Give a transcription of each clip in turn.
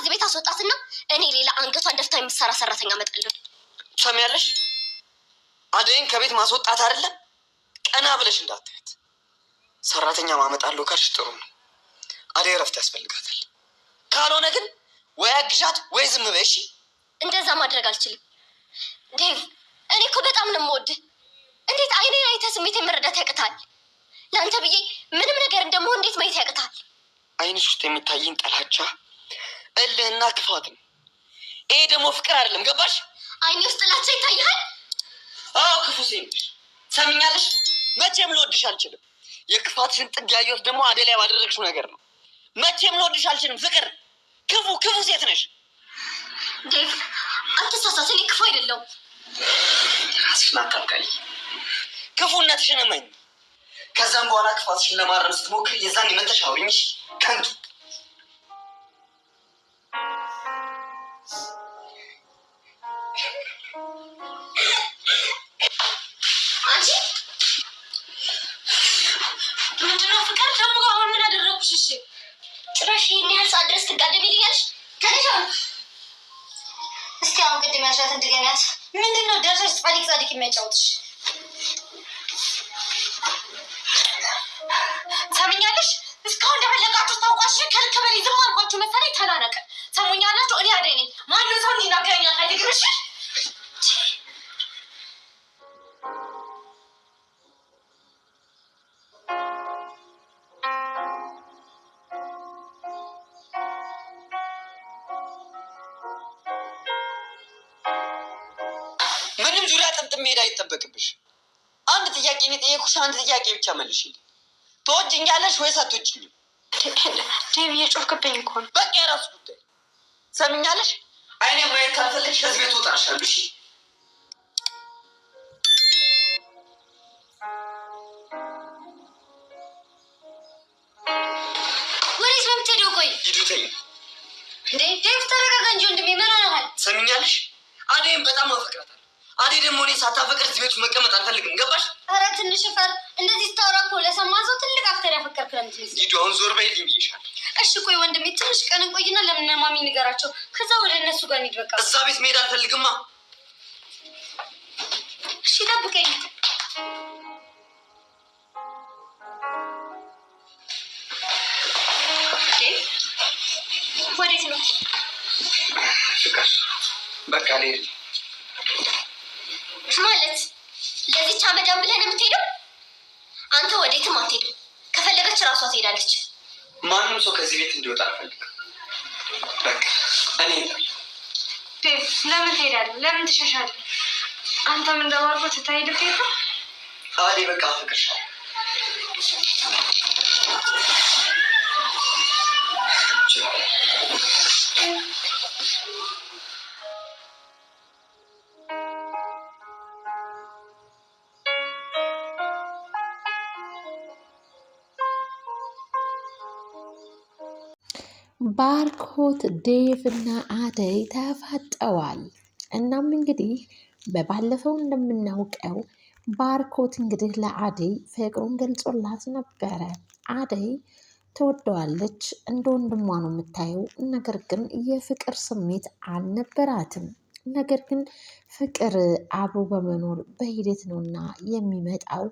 ከዚህ ቤት አስወጣትና እኔ ሌላ አንገቷን ደፍታ የምትሰራ ሰራተኛ መጣለሁ። ሰሚያለሽ አደይን ከቤት ማስወጣት አይደለም ቀና ብለሽ እንዳታያት። ሰራተኛ ማመጣለሁ ካልሽ ጥሩ ነው። አደይ እረፍት ያስፈልጋታል። ካልሆነ ግን ወይ አግዣት ወይ ዝም በይ። እሺ እንደዛ ማድረግ አልችልም ዴቭ። እኔ እኮ በጣም ነው የምወድህ። እንዴት አይኔን አይተህ ስሜቴን መረዳት ያቅታል? ለአንተ ብዬ ምንም ነገር እንደመሆን እንዴት ማየት ያቅታል? አይንሽ ውስጥ የሚታይኝ ጥላቻ እልህና ክፋት ነው። ይሄ ደግሞ ፍቅር አይደለም። ገባሽ? አይኔ ውስጥ ጥላቻ ይታያል። አዎ ክፉ ሴት ሰምኛለሽ። መቼም ልወድሽ አልችልም። የክፋትሽን ጥግ ያየሁት ደግሞ አደ ላይ ባደረግሽው ነገር ነው። መቼም ልወድሽ አልችልም። ፍቅር ክፉ ክፉ ሴት ነሽ። ዴቭ አትሳሳት፣ እኔ ክፉ አይደለሁም። ራስሽን ክፉነትሽን እመኝ። ከዛም በኋላ ክፋትሽን ለማረም ስትሞክር የዛን የመተሻ ወኝሽ ከንቱ እንዲ መስራት እንድገናት ምንድን ነው ደርሰሽ ጻዲቅ ጻዲቅ የሚያጫውትሽ ሰምኛለሽ። እስካሁን እንደፈለጋችሁ ታውቋሽ ከልክ በላይ ዝም አልኳችሁ መሰለኝ። ተናነቀ ሰሙኛላችሁ። እኔ አደኝ ማንም ሰው እንዲናገረኛ ካልግርሽ ምንም ዙሪያ ጥምጥም መሄድ አይጠበቅብሽ። አንድ ጥያቄ ነው የጠየኩሽ፣ አንድ ጥያቄ ብቻ መልሽልኝ። ትወጂኛለሽ ወይስ አትወጂኝም? ዴቭ እየጮፍክብኝ እኮ ነው። በቃ የራሱ ጉዳይ። ሰምኛለሽ? አይኔ ማየት ካልፈለግሽ ከዚህ ቤት ወጣሻለሽ። ወዴት ነው የምትሄደው? ቆይ ሂዱተኝ እንዴ! ዴቭ ተረጋጋ እንጂ ወንድሜ፣ ምን ሆነሃል? ሰምኛለሽ? አደይም በጣም አፈቅራታለሁ አዴ ደግሞ እኔ ሳታፈቅር እዚህ ቤቱ መቀመጥ አልፈልግም። ገባሽ? ኧረ ትንሽ ፈር እንደዚህ ስታወራ እኮ ለሰማ ሰው ትልቅ አፍተር ያፈቀርክ ለምትመስል ሂዱ። አሁን ዞር በይልኝ ብዬሻል። እሺ ቆይ ወንድሜ ትንሽ ቀን ቆይና ለምነ ማሚ ንገራቸው። ከዛ ወደ እነሱ ጋር እንሂድ። በቃ እዛ ቤት መሄድ አልፈልግማ። እሺ ጠብቀኝ። ወዴት ነው? በቃ ልሄድ ማለት ለዚች አመዳም ብለን የምትሄደው? አንተ ወዴትም አትሄድም። ከፈለገች እራሷ ትሄዳለች። ማንም ሰው ከዚህ ቤት እንዲወጣ አልፈልግም። በቃ እኔ ለምን ትሄዳለህ? ለምን ትሸሻለህ? አንተም እንደማርፎ ትታሄድ ሄ አዴ በቃ ፍቅርሻለሁ ባርኮት ዴቭ እና አደይ ተፋጠዋል። እናም እንግዲህ በባለፈው እንደምናውቀው ባርኮት እንግዲህ ለአደይ ፍቅሩን ገልጾላት ነበረ። አደይ ትወደዋለች፣ እንደ ወንድሟ ነው የምታየው። ነገር ግን የፍቅር ስሜት አልነበራትም። ነገር ግን ፍቅር አብሮ በመኖር በሂደት ነውና የሚመጣው።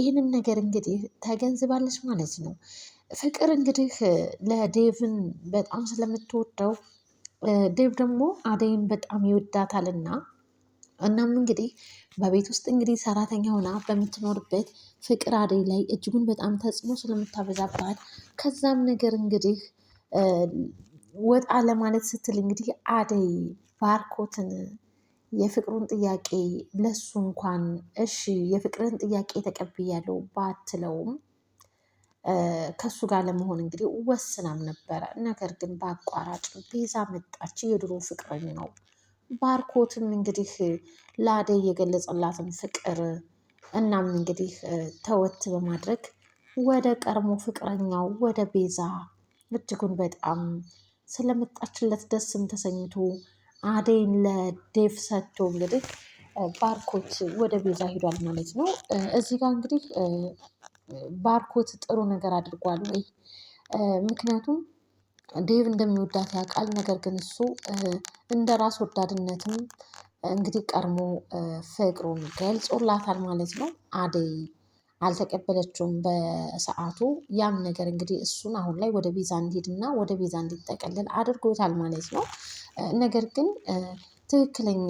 ይህንን ነገር እንግዲህ ተገንዝባለች ማለት ነው። ፍቅር እንግዲህ ለዴቭን በጣም ስለምትወደው ዴቭ ደግሞ አደይን በጣም ይወዳታል እና እናም እንግዲህ በቤት ውስጥ እንግዲህ ሰራተኛ ሆና በምትኖርበት ፍቅር አደይ ላይ እጅጉን በጣም ተጽዕኖ ስለምታበዛባት ከዛም ነገር እንግዲህ ወጣ ለማለት ስትል እንግዲህ አደይ ባርኮትን የፍቅሩን ጥያቄ ለሱ እንኳን እሺ የፍቅርን ጥያቄ ተቀብያለሁ ባትለውም ከሱ ጋር ለመሆን እንግዲህ ወስናም ነበረ። ነገር ግን በአቋራጭ ቤዛ መጣች፣ የድሮ ፍቅረኛው ባርኮትም እንግዲህ ለአደይ የገለጸላትን ፍቅር እናም እንግዲህ ተወት በማድረግ ወደ ቀድሞ ፍቅረኛው ወደ ቤዛ እጅጉን በጣም ስለመጣችለት ደስም ተሰኝቶ አደይን ለዴቭ ሰጥቶ እንግዲህ ባርኮት ወደ ቤዛ ሂዷል ማለት ነው። እዚህ ጋር እንግዲህ ባርኮት ጥሩ ነገር አድርጓል ወይ? ምክንያቱም ዴቭ እንደሚወዳት ያውቃል። ነገር ግን እሱ እንደ ራስ ወዳድነትም እንግዲህ ቀድሞ ፍቅሩን ገልጾላታል ማለት ነው። አደይ አልተቀበለችውም በሰዓቱ። ያም ነገር እንግዲህ እሱን አሁን ላይ ወደ ቤዛ እንዲሄድና ወደ ቤዛ እንዲጠቀልል አድርጎታል ማለት ነው። ነገር ግን ትክክለኛ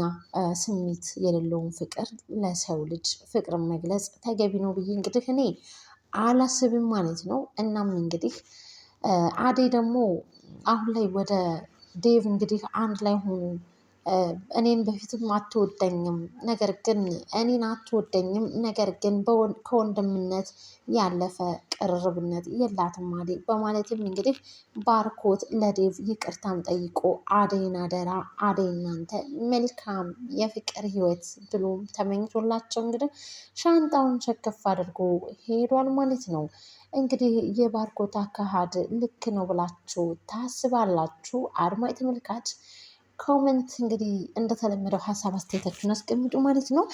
ስሜት የሌለውን ፍቅር ለሰው ልጅ ፍቅርን መግለጽ ተገቢ ነው ብዬ እንግዲህ እኔ አላስብም ማለት ነው። እናም እንግዲህ አደይ ደግሞ አሁን ላይ ወደ ዴቭ እንግዲህ አንድ ላይ ሆኑ እኔን በፊትም አትወደኝም ነገር ግን እኔን አትወደኝም ነገር ግን ከወንድምነት ያለፈ ቅርርብነት የላትም አደይ በማለትም እንግዲህ ባርኮት ለዴቭ ይቅርታም ጠይቆ አደይን አደራ አደይ እናንተ መልካም የፍቅር ህይወት ብሎም ተመኝቶላቸው እንግዲህ ሻንጣውን ሸከፍ አድርጎ ሄዷል ማለት ነው። እንግዲህ የባርኮት አካሄድ ልክ ነው ብላችሁ ታስባላችሁ አድማጭ ተመልካች? ኮመንት እንግዲህ እንደተለመደው ሀሳብ አስተያየታችሁን አስቀምጡ ማለት ነው።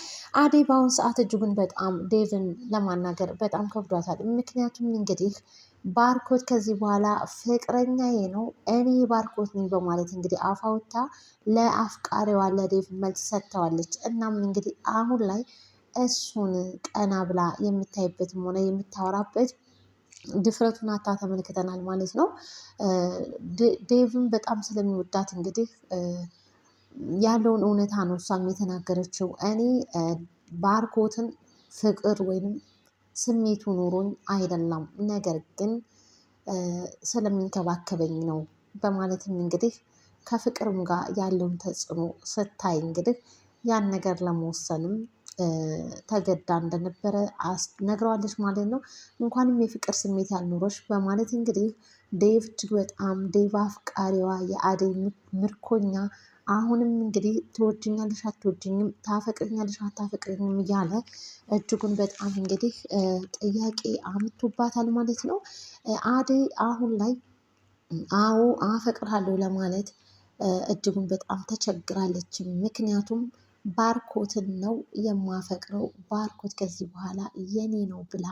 አዴ በአሁን ሰዓት እጅጉን በጣም ዴቭን ለማናገር በጣም ከብዷታል። ምክንያቱም እንግዲህ ባርኮት ከዚህ በኋላ ፍቅረኛዬ ነው እኔ ባርኮት ነኝ በማለት እንግዲህ አፋውታ ለአፍቃሪዋ ለዴቭ መልስ ሰጥተዋለች። እናም እንግዲህ አሁን ላይ እሱን ቀና ብላ የምታይበትም ሆነ የምታወራበት ድፍረቱን አታ ተመልክተናል ማለት ነው። ዴቭን በጣም ስለሚወዳት እንግዲህ ያለውን እውነታ ነው እሷም የተናገረችው። እኔ ባርኮትን ፍቅር ወይም ስሜቱ ኑሮኝ አይደለም፣ ነገር ግን ስለሚንከባከበኝ ነው በማለትም እንግዲህ ከፍቅርም ጋር ያለውን ተጽዕኖ ስታይ እንግዲህ ያን ነገር ለመወሰንም ተገዳ እንደነበረ ነግረዋለች ማለት ነው። እንኳንም የፍቅር ስሜት ያልኖሮች በማለት እንግዲህ ዴቭ እጅግ በጣም ዴቭ አፍቃሪዋ የአደይ ምርኮኛ አሁንም እንግዲህ ትወድኛለሽ አትወድኝም፣ ታፈቅርኛለሽ አታፈቅርኝም እያለ እጅጉን በጣም እንግዲህ ጥያቄ አምቶባታል ማለት ነው። አደይ አሁን ላይ አዎ አፈቅርሃለሁ ለማለት እጅጉን በጣም ተቸግራለች። ምክንያቱም ባርኮትን ነው የማፈቅረው፣ ባርኮት ከዚህ በኋላ የኔ ነው ብላ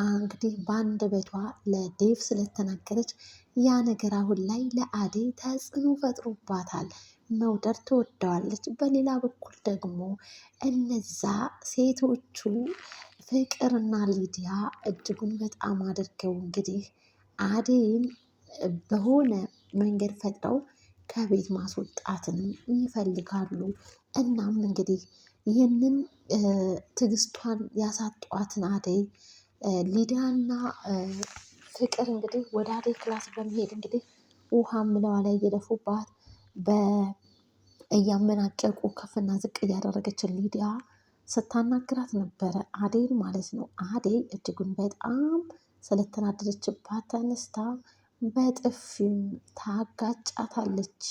እንግዲህ በአንድ በቷ ለዴቭ ስለተናገረች ያ ነገር አሁን ላይ ለአዴ ተጽዕኖ ፈጥሮባታል። መውደር ትወደዋለች። በሌላ በኩል ደግሞ እነዛ ሴቶቹ ፍቅርና ሊዲያ እጅጉን በጣም አድርገው እንግዲህ አዴን በሆነ መንገድ ፈጥረው ከቤት ማስወጣትንም ይፈልጋሉ። እናም እንግዲህ ይህንን ትግስቷን ያሳጧትን አደይ ሊዲያና ፍቅር እንግዲህ ወደ አደይ ክላስ በመሄድ እንግዲህ ውሃ ምለዋ ላይ እየደፉባት እያመናጨቁ ከፍና ዝቅ እያደረገችን ሊዲያ ስታናግራት ነበረ። አዴ ማለት ነው። አዴ እጅጉን በጣም ስለተናደደችባት ተነስታ በጥፊም ታጋጫታለች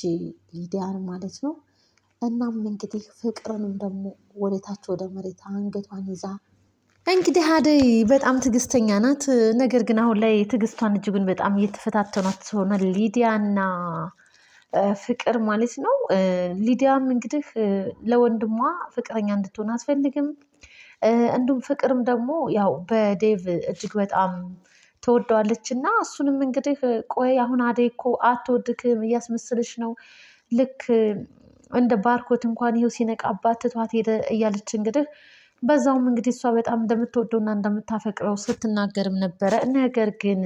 ሊዲያን ማለት ነው። እናም እንግዲህ ፍቅርንም ደግሞ ወደታች ወደ መሬት አንገቷን ይዛ እንግዲህ አደይ በጣም ትዕግስተኛ ናት። ነገር ግን አሁን ላይ ትዕግስቷን እጅጉን በጣም እየተፈታተኗት ሆነ ሊዲያ እና ፍቅር ማለት ነው። ሊዲያም እንግዲህ ለወንድሟ ፍቅረኛ እንድትሆን አትፈልግም። እንዲሁም ፍቅርም ደግሞ ያው በዴቭ እጅግ በጣም ተወደዋለች እና እሱንም እንግዲህ ቆይ አሁን አደይ እኮ አትወድክም እያስመስልሽ ነው ልክ እንደ ባርኮት እንኳን ይኸው ሲነቃባት ትቷት ሄደ እያለች እንግዲህ በዛውም እንግዲህ እሷ በጣም እንደምትወደውና እንደምታፈቅረው ስትናገርም ነበረ። ነገር ግን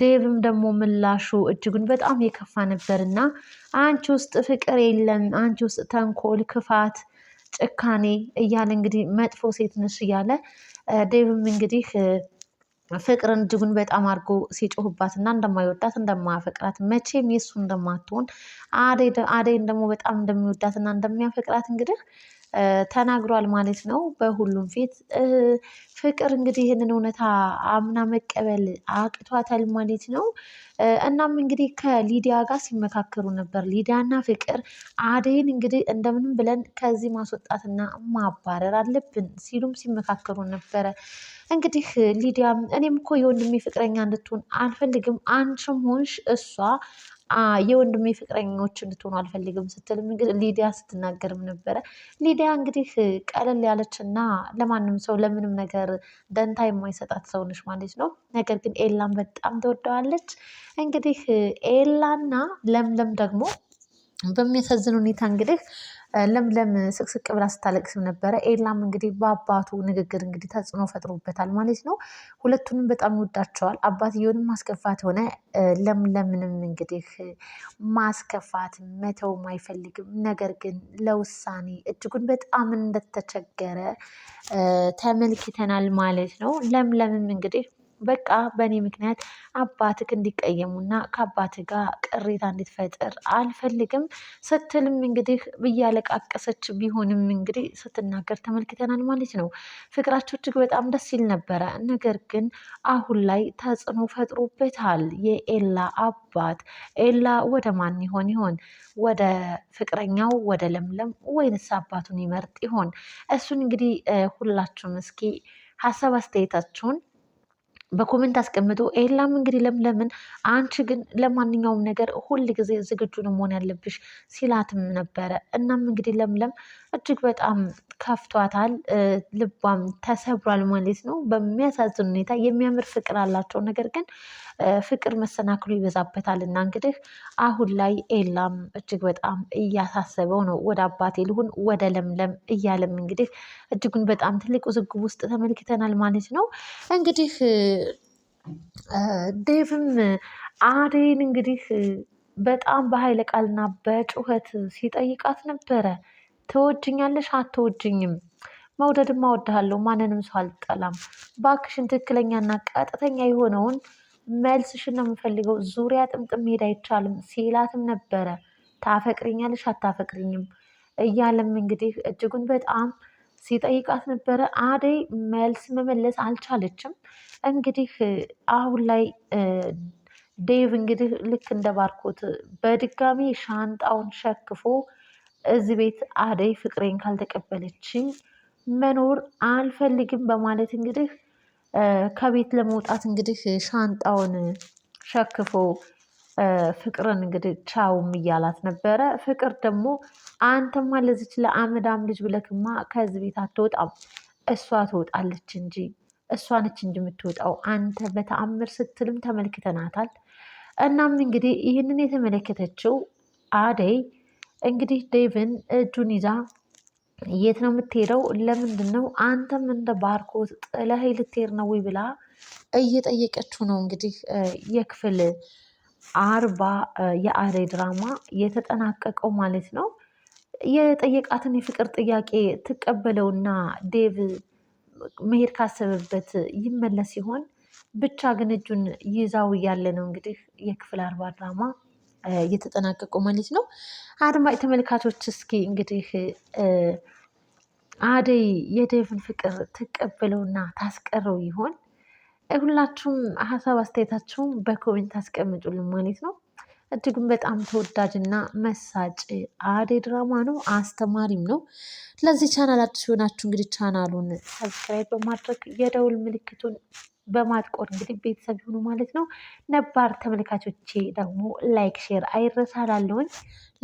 ዴቭም ደግሞ ምላሹ እጅጉን በጣም የከፋ ነበርና አንቺ ውስጥ ፍቅር የለም፣ አንቺ ውስጥ ተንኮል፣ ክፋት፣ ጭካኔ እያለ እንግዲህ መጥፎ ሴት ነሽ እያለ ዴቭም እንግዲህ ፍቅርን እጅጉን በጣም አድርጎ ሲጮህባት እና እንደማይወዳት እንደማያፈቅራት መቼም የሱ እንደማትሆን አደይን ደግሞ በጣም እንደሚወዳት እና እንደሚያፈቅራት እንግዲህ ተናግሯል ማለት ነው። በሁሉም ፊት ፍቅር እንግዲህ ይህንን እውነታ አምና መቀበል አቅቷታል ማለት ነው። እናም እንግዲህ ከሊዲያ ጋር ሲመካከሩ ነበር። ሊዲያና ፍቅር አደይን እንግዲህ እንደምንም ብለን ከዚህ ማስወጣትና ማባረር አለብን ሲሉም ሲመካከሩ ነበረ። እንግዲህ ሊዲያ እኔም እኮ የወንድሜ ፍቅረኛ እንድትሆን አልፈልግም፣ አንቺም ሆንሽ እሷ የወንድሜ ፍቅረኞች እንድትሆኑ አልፈልግም ስትልም እንግዲህ ሊዲያ ስትናገርም ነበረ። ሊዲያ እንግዲህ ቀለል ያለች እና ለማንም ሰው ለምንም ነገር ነገር ደንታ የማይሰጣት ሰው ማለት ነው። ነገር ግን ኤላን በጣም ትወደዋለች። እንግዲህ ኤላና ለምለም ደግሞ በሚያሳዝን ሁኔታ እንግዲህ ለምለም ስቅስቅ ብላ ስታለቅስም ነበረ። ኤላም እንግዲህ በአባቱ ንግግር እንግዲህ ተጽዕኖ ፈጥሮበታል ማለት ነው። ሁለቱንም በጣም ይወዳቸዋል። አባትየውንም ማስከፋት ሆነ ለምለምንም እንግዲህ ማስከፋት መተውም አይፈልግም። ነገር ግን ለውሳኔ እጅጉን በጣም እንደተቸገረ ተመልክተናል ማለት ነው። ለምለምም እንግዲህ በቃ በእኔ ምክንያት አባትህ እንዲቀየሙና ከአባትህ ጋር ቅሬታ እንድትፈጥር አልፈልግም ስትልም እንግዲህ ብያለቃቀሰች ቢሆንም እንግዲህ ስትናገር ተመልክተናል ማለት ነው። ፍቅራቸው እጅግ በጣም ደስ ይል ነበረ። ነገር ግን አሁን ላይ ተጽዕኖ ፈጥሮበታል የኤላ አባት። ኤላ ወደ ማን ይሆን ይሆን? ወደ ፍቅረኛው ወደ ለምለም ወይንስ አባቱን ይመርጥ ይሆን? እሱን እንግዲህ ሁላችሁም እስኪ ሀሳብ አስተያየታችሁን በኮሜንት አስቀምጡ። ኤላም እንግዲህ ለምለምን አንቺ ግን ለማንኛውም ነገር ሁል ጊዜ ዝግጁ ነው መሆን ያለብሽ ሲላትም ነበረ። እናም እንግዲህ ለምለም እጅግ በጣም ከፍቷታል፣ ልቧም ተሰብሯል ማለት ነው። በሚያሳዝን ሁኔታ የሚያምር ፍቅር አላቸው፣ ነገር ግን ፍቅር መሰናክሉ ይበዛበታል እና እንግዲህ አሁን ላይ ኤላም እጅግ በጣም እያሳሰበው ነው። ወደ አባቴ ልሁን ወደ ለምለም እያለም እንግዲህ እጅጉን በጣም ትልቅ ውዝግብ ውስጥ ተመልክተናል ማለት ነው እንግዲህ ዴቭም አዴን እንግዲህ በጣም በኃይለ ቃልና በጩኸት ሲጠይቃት ነበረ። ትወጅኛለሽ አትወጅኝም? መውደድም አወድሃለሁ ማንንም ሰው አልጠላም። እባክሽን ትክክለኛና ቀጥተኛ የሆነውን መልስሽን ነው የምፈልገው። ዙሪያ ጥምጥም መሄድ አይቻልም ሲላትም ነበረ። ታፈቅሪኛለሽ አታፈቅሪኝም እያለም እንግዲህ እጅጉን በጣም ሲጠይቃት ነበረ። አደይ መልስ መመለስ አልቻለችም። እንግዲህ አሁን ላይ ዴቭ እንግዲህ ልክ እንደ ባርኮት በድጋሚ ሻንጣውን ሸክፎ እዚህ ቤት አደይ ፍቅሬን ካልተቀበለችኝ መኖር አልፈልግም በማለት እንግዲህ ከቤት ለመውጣት እንግዲህ ሻንጣውን ሸክፎ ፍቅርን እንግዲህ ቻውም እያላት ነበረ። ፍቅር ደግሞ አንተማ ለዚች ለአመዳም ልጅ ብለክማ ከዚህ ቤት አትወጣም፣ እሷ ትወጣለች እንጂ እሷ ነች እንጂ የምትወጣው አንተ በተአምር ስትልም ተመልክተናታል። እናም እንግዲህ ይህንን የተመለከተችው አደይ እንግዲህ ዴቭን እጁን ይዛ የት ነው የምትሄደው? ለምንድን ነው አንተም እንደ ባርኮት ጥለህ ልትሄድ ነው ወይ ብላ እየጠየቀችው ነው። እንግዲህ የክፍል አርባ የአሬ ድራማ የተጠናቀቀው ማለት ነው። የጠየቃትን የፍቅር ጥያቄ ትቀበለውና ዴቭ መሄድ ካሰበበት ይመለስ ሲሆን ብቻ ግን እጁን ይዛው እያለ ነው እንግዲህ የክፍል አርባ ድራማ እየተጠናቀቁ ማለት ነው። አድማጭ ተመልካቾች እስኪ እንግዲህ አደይ የደቭን ፍቅር ትቀበለውና ታስቀረው ይሆን? ሁላችሁም ሀሳብ አስተያየታችሁም በኮሜንት አስቀምጡልን ማለት ነው። እጅግም በጣም ተወዳጅና መሳጭ አደይ ድራማ ነው። አስተማሪም ነው። ለዚህ ቻናል አዲስ የሆናችሁ እንግዲህ ቻናሉን ሰብስክራይብ በማድረግ የደውል ምልክቱን በማጥቆር እንግዲህ ቤተሰብ ይሁኑ ማለት ነው። ነባር ተመልካቾቼ ደግሞ ላይክ፣ ሼር አይረሳላለሁኝ።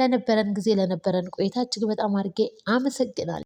ለነበረን ጊዜ ለነበረን ቆይታ እጅግ በጣም አድርጌ አመሰግናለሁ።